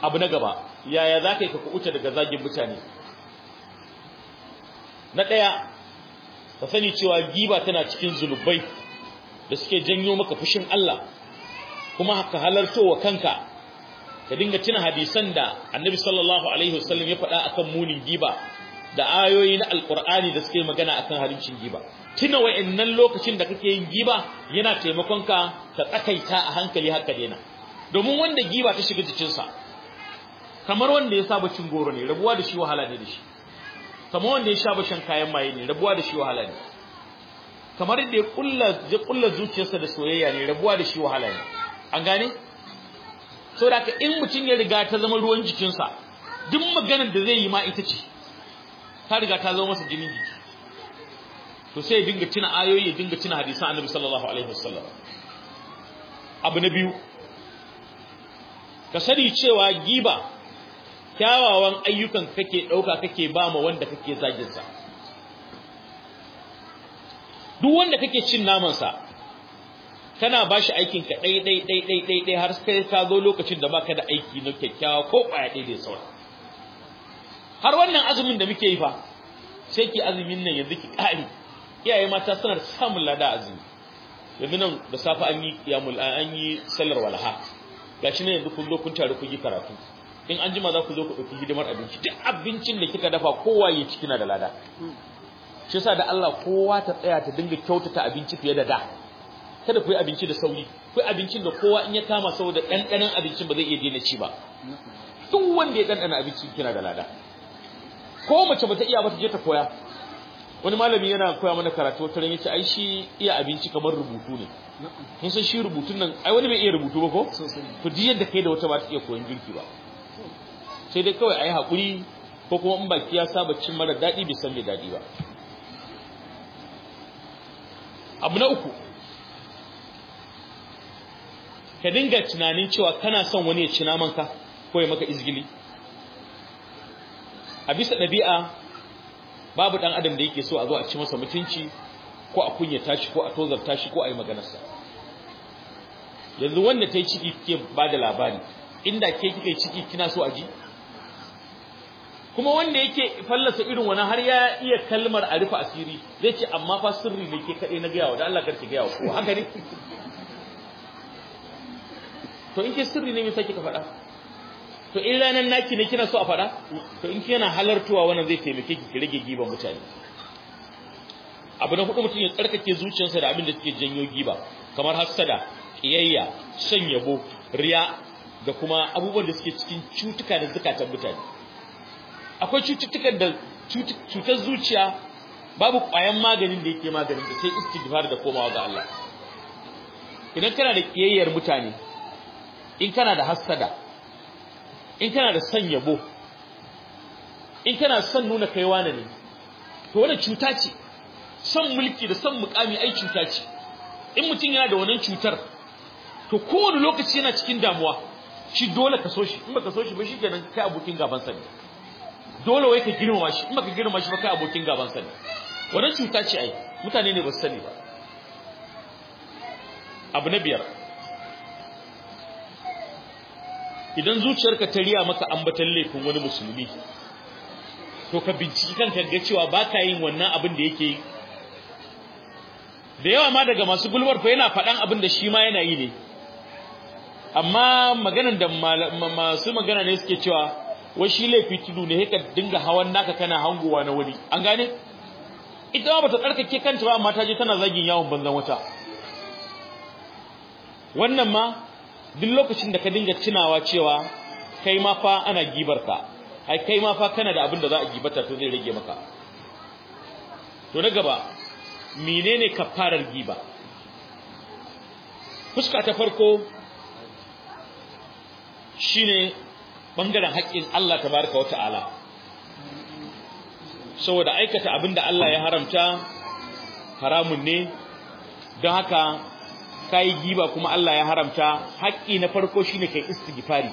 abu na gaba yaya za ka yi ka uce daga zagin mutane na ɗaya ka sani cewa giba tana cikin zulubai da suke janyo maka fushin Allah kuma ka halarto wa kanka ka dinga tuna hadisan da annabi sallallahu alaihi wasallam ya faɗa akan munin giba da ayoyi na alkur'ani da suke magana akan harincin giba tuna wayannan lokacin da kake yin giba yana taimakon ka ka tsakaita a hankali haka daina domin wanda giba ta shiga jikinsa kamar wanda ya saba cin goro ne rabuwa da shi wahala ne da shi kamar wanda ya saba shan kayan maye ne rabuwa da shi wahala ne kamar da ya kulla ya kulla zuciyarsa da soyayya ne rabuwa da shi wahala ne an gane saboda da in mutun ya riga ta zama ruwan jikinsa duk maganar da zai yi ma ita ce ta riga ta zama masa jinin jiki to sai ya dinga tuna ayoyi ya dinga tuna hadisan annabi sallallahu alaihi wasallam abu na biyu ka sani cewa giba kyawawan ayyukan kake dauka kake ba ma wanda kake zagin sa duk wanda kake cin naman sa kana bashi aikin ka dai dai dai dai dai dai har sai ka zo lokacin da baka da aiki na kyakkyawa ko kwaya dai dai sauran har wannan azumin da muke yi fa sai ki azumin nan yanzu ki kare iyaye mata sanar samun lada azumi yanzu nan da safa an yi yamul an yi sallar walaha gashi ne yanzu kun zo kun tare kun yi karatu in an jima za ku zo ku ɗauki hidimar abinci duk abincin da kika dafa kowa ya ciki na da lada shi yasa da Allah kowa ta tsaya ta dinga kyautata abinci fiye da da kada ku yi abinci da sauri ku yi abincin da kowa in ya kama saboda ɗanɗanon abincin ba zai iya daina ci ba duk wanda ya ɗanɗana abinci kina da lada ko mace ba ta iya ba ta je ta koya wani malami yana koya mana karatu wata ran yace ai shi iya abinci kamar rubutu ne kun san shi rubutun nan ai wani bai iya rubutu ba ko to duk yadda kai da wata ba ta iya koyon girki ba sai dai kawai a yi haƙuri ko kuma in baki ya saba cin mara daɗi bai san mai daɗi ba abu na uku ka dinga tunanin cewa kana son wani ya ci manka ko ya maka izgili a bisa ɗabi'a babu ɗan adam da yake so a zo a ci masa mutunci ko a kunyata shi ko a tozarta shi ko a yi maganarsa yanzu wanda ta yi ciki ke ba da labari inda ke kika yi ciki kina so a ji kuma wanda yake fallasa irin wani har ya iya kalmar alifu asiri zai ce amma fa sirri ne ke kade na gaya wa da Allah kar ki gaya wa haka ne to in ke sirri ne me sai kika faɗa to in ranan naki ne kina so a faɗa to in kina halartuwa wannan zai taimake ki ki rage giban mutane abu na hudu mutum ya tsarkake zuciyarsa da abin da suke janyo giba kamar hassada kiyayya shan yabo riya da kuma abubuwan da suke cikin cutuka da zukatan mutane akwai cututtukan da cutar zuciya babu ƙwayan maganin da yake maganin da sai istighfar da komawa ga Allah idan kana da kiyayyar mutane in kana da hassada in kana da son yabo in kana son nuna kaiwa ne to wannan cuta ce son mulki da son mukami ai cuta ce in mutum yana da wannan cutar to kowane lokaci yana cikin damuwa shi dole ka so shi in baka so shi ba shikenan kai abokin gaban sa ne dole wai ka girmama shi in baka girmama shi ba kai abokin gaban sani, wannan cuta ce ai mutane ne ba su sani ba abu na biyar idan zuciyarka ta riya maka ambatan laifin wani musulmi to ka binciki kanka ga cewa baka yin wannan abin da yake yi da yawa ma daga masu gulwar fa yana faɗan abin da shi ma yana yi ne amma maganan da masu magana ne suke cewa wai shi laifi tudu ne haka dinga hawan naka kana hanguwa na wani an gane ita ba ta tsarkake kanta ba amma ta je tana zagin yawon banzan wata wannan ma duk lokacin da ka dinga tunawa cewa kai ma fa ana gibarka ai kai ma fa kana da abin da za a gibata to zai rage maka to na gaba menene kafarar giba fuska ta farko shine bangaren haƙƙin Allah ta baraka wa ta'ala saboda aikata abin da Allah ya haramta haramun ne don haka yi giba kuma Allah ya haramta haƙƙi na farko shi shine kai istighfari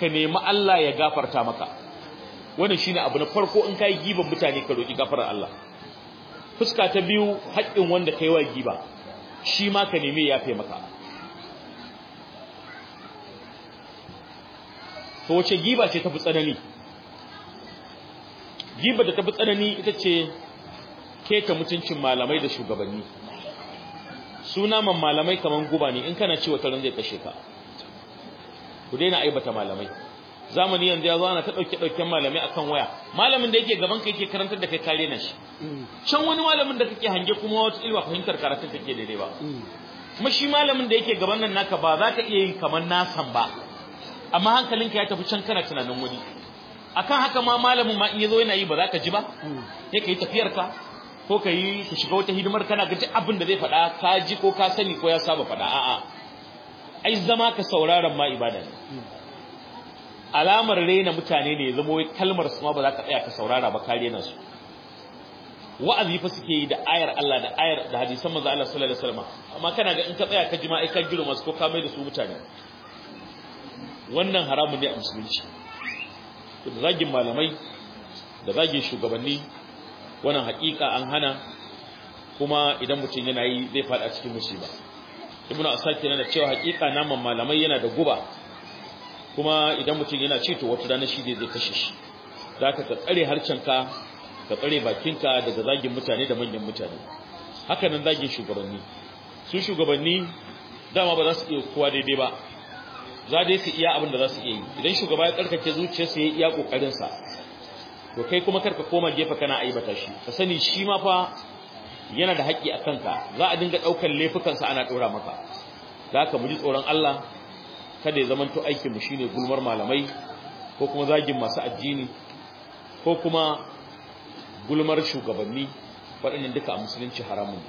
ka nemi Allah ya gafarta maka wannan shine abu na farko in kai giban mutane ka roki gafarar Allah fuska ta biyu haƙƙin wanda kai wa giba shi ma ka nemi ya fi maka to wace giba ce ta fi tsanani giba da ta fi tsanani ita ce keta mutuncin malamai da shugabanni suna man malamai kaman guba ne in kana cewa taron zai kashe ka ku daina aibata malamai zamani yanzu ya zo ana ta dauke dauken malamai akan waya malamin da yake gaban ka yake karantar da kai kare na shi can wani malamin da kake hange kuma wata ilwa fahimtar karatun take daidai ba mm. kuma shi malamin da yake gaban nan naka ba za ka iya yin kaman nasan ba amma hankalinka ya tafi can kana tunanin wani akan haka ma malamin ma in yazo yana yi ba za ka ji ba sai kai tafiyar ka ko kai ka shiga wata hidimar kana ga duk abin da zai faɗa ka ji ko ka sani ko ya saba faɗa a'a ai zama ka sauraron ma ibada ne alamar rena mutane ne zama wai kalmar su ma ba za ka tsaya ka saurara ba ka rena su wa'azi fa suke yi da ayar Allah da ayar da hadisan manzo Allah sallallahu alaihi wasallam amma kana ga in ka tsaya ka ma ai ka girma su ko ka mai da su mutane wannan haramun ne a musulunci to da zagin malamai da zagin shugabanni wannan hakika an hana kuma idan mutum yana yi zai fada cikin musiba ibnu asaki yana cewa haƙiƙa naman malamai yana da guba kuma idan mutum yana ci to wata rana shi zai kashe shi zaka ka tsare harcenka ka tsare bakinka daga zagin mutane da manyan mutane haka nan zagin shugabanni su shugabanni dama ba za su iya kowa daidai ba za dai su iya abin da za su iya yi idan shugaba ya zuciya su ya iya kokarinsa to kai kuma karka koma jefa kana aibata shi ka sani shi ma fa yana da haƙƙi a kanka za a dinga ɗaukar laifukansa ana ɗora maka za ka muji tsoron Allah kada ya zamanto aikinmu shi ne gulmar malamai ko kuma zagin masu addini ko kuma gulmar shugabanni waɗannan duka a musulunci haramun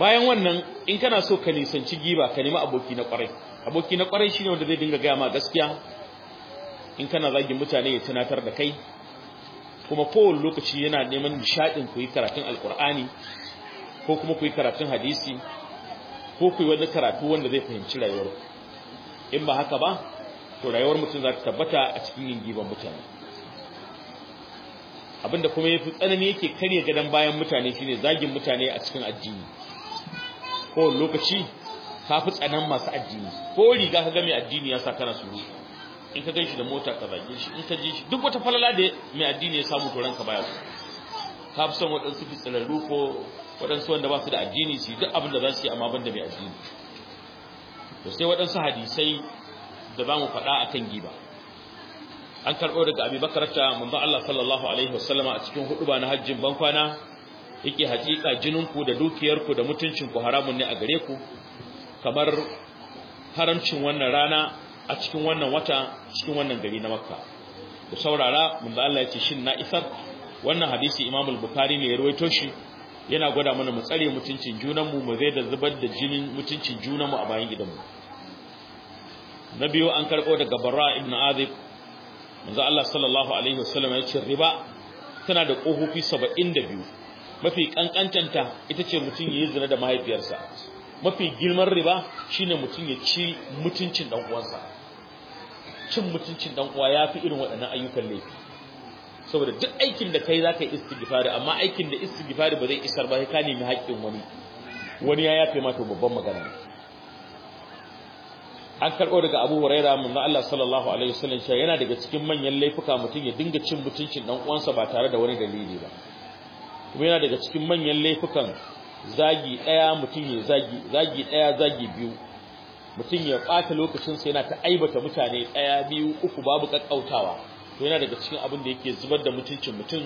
bayan wannan in kana so ka nisanci giba ka nemi aboki na kwarai aboki na kwarai shine wanda zai dinga gaya ma gaskiya in kana zagin mutane ya tunatar da kai kuma kowane lokaci yana neman nishadin ku yi karatun alkur'ani ko kuma ku yi karatun hadisi ko ku yi wani karatu wanda zai fahimci rayuwar in ba haka ba to rayuwar mutum za ta tabbata a cikin yin giban mutane abinda kuma ya fi tsanani yake karya gadon bayan mutane shine zagin mutane a cikin addini Ko lokaci ka fi tsanan masu addini ko riga ka ga mai addini ya sa kana suru in ka ganshi da mota ka bage shi in ka ji shi duk wata falala da mai addini ya samu to ranka baya ka fi son waɗansu fitsirarru ko waɗansu wanda ba su da addini su duk abin da za su yi amma ban da mai addini to sai waɗansu hadisai da za mu faɗa a kan giba an karɓo daga abubakar ta manzo Allah sallallahu alaihi wasallama a cikin huɗuba na hajjin bankwana yake hakika jininku da dukiyarku da mutuncinku haramun ne a gare ku kamar haramcin wannan rana a cikin wannan wata cikin wannan gari na makka ku saurara manzo Allah ya ce shin na isar wannan hadisi Imam al-Bukhari ne ya rawaito shi yana gwada mana mu tsare mutuncin junanmu mu zai da zubar da jinin mutuncin junanmu a bayan gidanmu na biyu an karɓo daga Barra ibn Azib manzo Allah sallallahu alaihi wasallam ce riba tana da kofofi 72 mafi kankantanta ita ce mutum ya yi zina da mahaifiyarsa mafi girman riba shine mutum ya ci mutuncin dan uwansa cin mutuncin dan uwa yafi irin waɗannan ayyukan laifi saboda duk aikin da kai zaka yi istighfari amma aikin da istighfari ba zai isar ba ka nemi haƙƙin wani wani ya yafe ma to babban magana an karɓo daga Abu Huraira na Allah sallallahu alaihi wasallam cewa yana daga cikin manyan laifuka mutum ya dinga cin mutuncin dan uwansa ba tare da wani dalili ba kuma yana daga cikin manyan laifukan zagi daya mutum ya zagi zagi daya zagi biyu mutum ya bata lokacinsa yana ta aibata mutane daya biyu uku babu kakkautawa to yana daga cikin abin da yake zubar da mutuncin mutum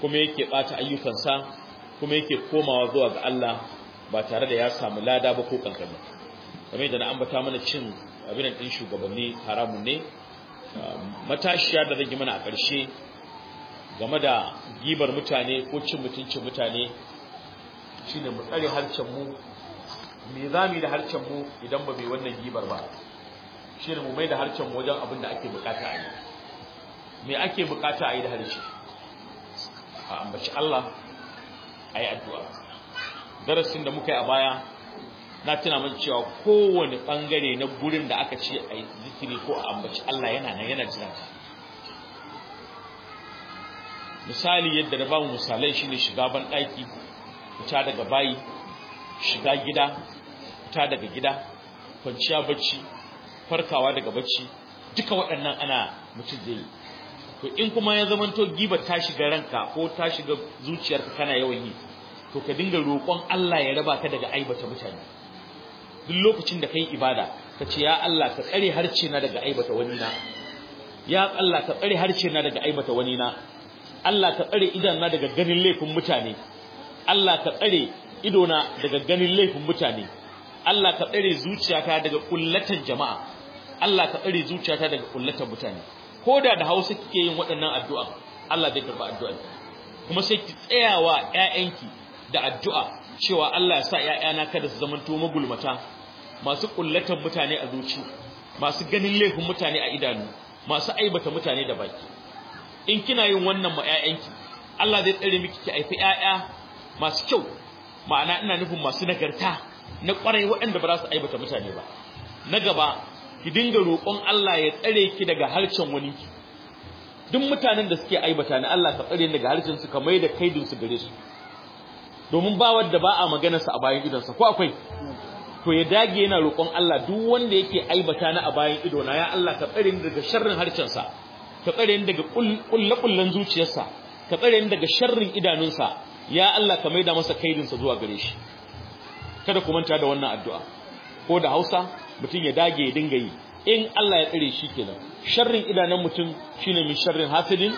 kuma yake bata ayyukansa kuma yake komawa zuwa ga Allah ba tare da ya samu lada ba ko kankani kamar yadda na ambata mana cin abin din shugabanni haramun ne matashiya da rage mana a ƙarshe game da gibar mutane ko cin mutuncin mutane shine mu tsare harcen mu me zamu da harcen mu idan ba mai wannan gibar ba ne mu mai da harcen mu wajen abin da ake bukata a yi me ake bukata a yi da harshe a ambaci Allah a yi addu'a darasin da muka yi a baya na tuna mun cewa kowane bangare na gurin da aka ce a yi zikiri ko a ambaci Allah yana nan yana jira misali yadda na bamu misalai shine shiga ban ɗaki fita daga bayi shiga gida fita daga gida kwanciya bacci farkawa daga bacci duka waɗannan ana mutum zai to in kuma ya to giba ta shiga ranka ko ta shiga zuciyarka kana yawan yi to ka dinga roƙon Allah ya raba ka daga aibata mutane duk lokacin da kai ibada ka ce ya Allah ka tsare harce na daga aibata wani na ya Allah ka tsare harce na daga aibata wani na Allah ka tsare idona daga ganin laifin mutane Allah ka tsare idona daga ganin laifin mutane Allah ka tsare zuciyata daga kullatan jama'a Allah ka tsare zuciyata daga kullatan mutane koda da Hausa kike yin waɗannan addu'a Allah zai karba addu'a kuma sai ki tsayawa ƴaƴanki da addu'a cewa Allah ya sa ƴaƴana kada su zamanta magulmata masu kullatan mutane a zuci masu ganin laifin mutane a idanu masu aibata mutane da baki in kina yin wannan ma ƴaƴanki Allah zai tsare miki ki haifi ƴaƴa masu kyau ma'ana ina nufin masu nagarta na ƙwarai waɗanda ba za su aibata mutane ba na gaba ki dinga roƙon Allah ya tsare ki daga harshen wani duk mutanen da suke aibata ne Allah ka tsare daga harshen su ka mai da kaidin su gare su domin ba wanda ba a maganarsa a bayan idonsa ko akwai to ya dage yana roƙon Allah duk wanda yake aibata ni a bayan idona ya Allah ka tsare ni daga sharrin harshen sa ka tsare ni daga kullakullan zuciyarsa ka tsare ni daga sharrin idanunsa ya Allah ka maida masa sa zuwa gare shi kada ku manta da wannan addu'a ko da Hausa mutum ya dage ya dinga yi in Allah ya tsare shi kenan sharrin idanun mutum shine min sharrin hasidin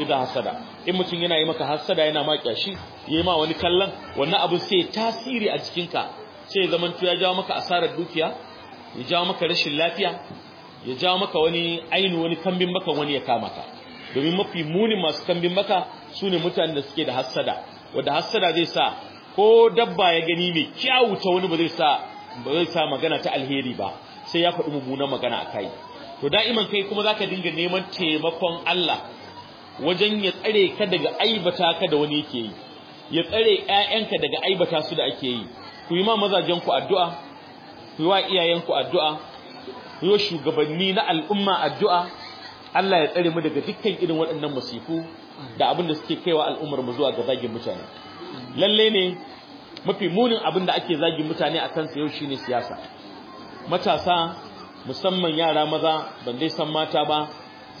idan hasada in mutum yana yi maka hasada yana makiya shi yayi ma wani kallon wannan abu sai tasiri a cikin ka sai zaman ya jawo maka asarar dukiya ya jawo maka rashin lafiya ya ja maka wani ainu wani kambin maka wani ya kama ka domin mafi muni masu kambin maka su ne mutanen da suke da hassada wadda hassada zai sa ko dabba ya gani mai kyawu ta wani ba zai sa magana ta alheri ba sai ya faɗi mummunan magana a kai to da'iman kai kuma zaka dinga neman taimakon Allah wajen ya tsare ka daga aibata ka da wani yake yi ya tsare ƴaƴanka daga aibata su da ake yi ku yi ma mazajen addu'a ku yi wa iyayen ku addu'a yi shugabanni na al'umma addu'a Allah ya tsare mu daga dukkan irin waɗannan masifu da abin da suke kaiwa al'ummar mu zuwa ga zagin mutane lalle ne mafi munin abin da ake zagin mutane a kansa yau shine siyasa matasa musamman yara maza ban dai san mata ba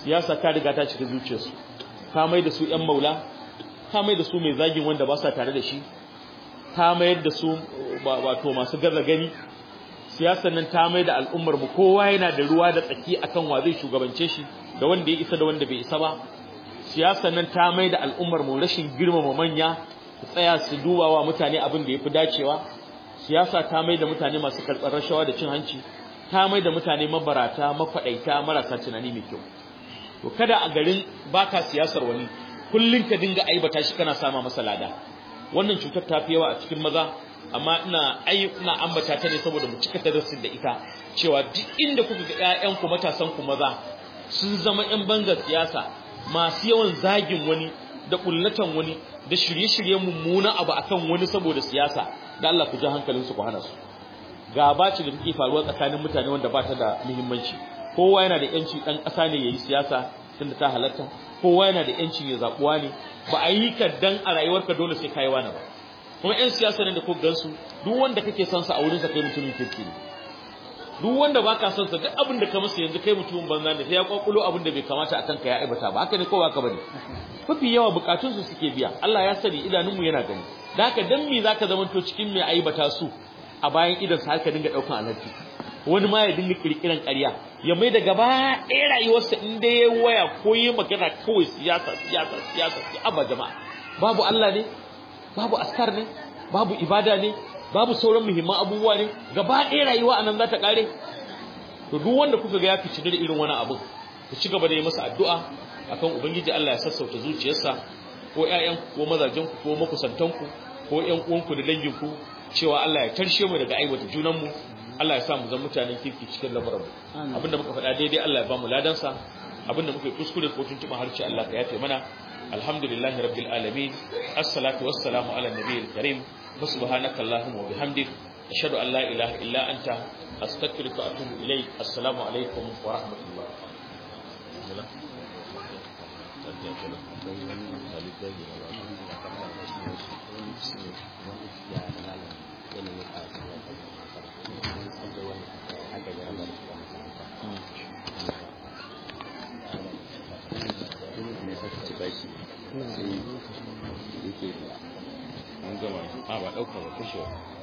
siyasa ta riga ta cika zuciyarsu ta mai da su ƴan maula ta mai da su mai zagin wanda ba sa tare da shi ta mayar da su wato masu gaza gani siyasar nan ta mai da al'ummar mu kowa yana da ruwa da tsaki akan wa zai shugabance shi da wanda ya isa da wanda bai isa ba siyasar nan ta mai da al'ummar mu rashin girmama manya su tsaya su duba wa mutane abin da yafi dacewa siyasa ta mai da mutane masu karɓar rashawa da cin hanci ta mai da mutane mabarata mafaɗaita marasa tunani mai kyau to kada a garin baka siyasar wani kullum ka dinga aibata shi kana sama masa lada wannan cutar ta fi yawa a cikin maza amma ina ai ina ambata ta ne saboda mu cika darasin da ita cewa duk inda kuka ga ƴaƴan ku matasan ku maza sun zama ƴan bangar siyasa masu yawan zagin wani da kullatan wani da shirye-shirye mummuna abu akan wani saboda siyasa da Allah ku ji hankalin su ku hana su Ga ba ci da take faruwa tsakanin mutane wanda ba ta da muhimmanci kowa yana da yanci dan ƙasa ne yayi siyasa tunda ta halatta kowa yana da yanci ya zabuwa ne ba a yi ka dan a rayuwarka dole sai kai wani ba kuma 'yan siyasa ne da ko gansu duk wanda kake son sa a wurin sa kai mutumin kirki ne duk wanda baka son sa duk abin da ka masa yanzu kai mutumin banza ne sai ya kwakulo abin da bai kamata a kanka ya aibata ba haka ne ko baka bane mafi yawa bukatun su suke biya Allah ya sani idanun mu yana gani da haka dan me zaka zamanto cikin mai aibata su a bayan idan sa haka dinga daukan alhaji wani ma ya dinga kirkiran ƙarya ya mai da gaba ɗaya rayuwarsa in dai ya waya ko yi magana kawai siyasa siyasa siyasa ya aba jama'a babu Allah ne babu askar ne babu ibada ne babu sauran muhimman abubuwa ne gaba ɗaya rayuwa anan za ta kare to duk wanda kuka ga ya fice da irin wani abu ku ci gaba da yi masa addu'a akan ubangiji Allah ya sassauta zuciyarsa ko ƴaƴan ko mazajen ku ko makusantan ku ko ƴan uwan ku da dangin ku cewa Allah ya tarshe mu daga aiwata junan mu Allah ya sa mu zama mutanen kirki cikin lamarin abinda muka faɗa daidai Allah ya ba mu ladansa abinda muka yi kuskure ko tuntuɓa harshe Allah ka yafe mana alhamdulillah rabbil alamin assalatu wassalamu ala nabiyil karim subhanaka allahumma wa bihamdik ashhadu an la ilaha illa anta astaghfiruka wa atubu ilayk assalamu wa rahmatullah Thank you. sai yi ba an gama ba ɗauka ba